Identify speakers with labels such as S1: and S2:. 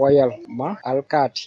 S1: woyal ma alkaati